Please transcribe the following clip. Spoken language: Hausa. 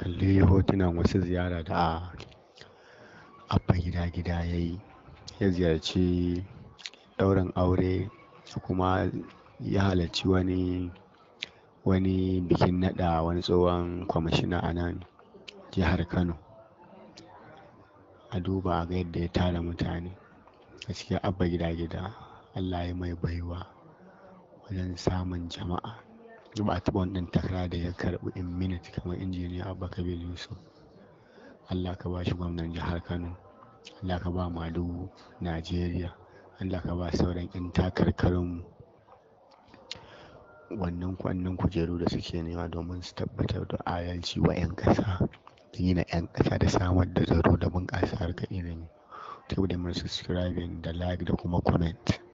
kalli hotunan wasu ziyara da ah. abba gida gida ya yi ya ziyarci ɗaurin aure kuma ya halarci wani wani bikin naɗa wani tsohon kwamishina a nan jihar kano a duba ga yadda ya tara mutane A cikin abba gida gida allah ya mai baiwa wajen samun jama'a Juma'a ɗin takara da ya karɓi in minit kamar injiniya Abba Kabir Yusuf. Allah ka ba shi gwamnan jihar Kano. Allah ka ba Madugu Najeriya. Allah ka ba sauran 'yan takarkarinmu. Wannan kwannan kujeru da suke nema domin su tabbatar da ayalci wa 'yan ƙasa. Gina 'yan ƙasa da samar da tsaro da bunƙasa harkar ilimi. bude mun subscribing da like da kuma comment.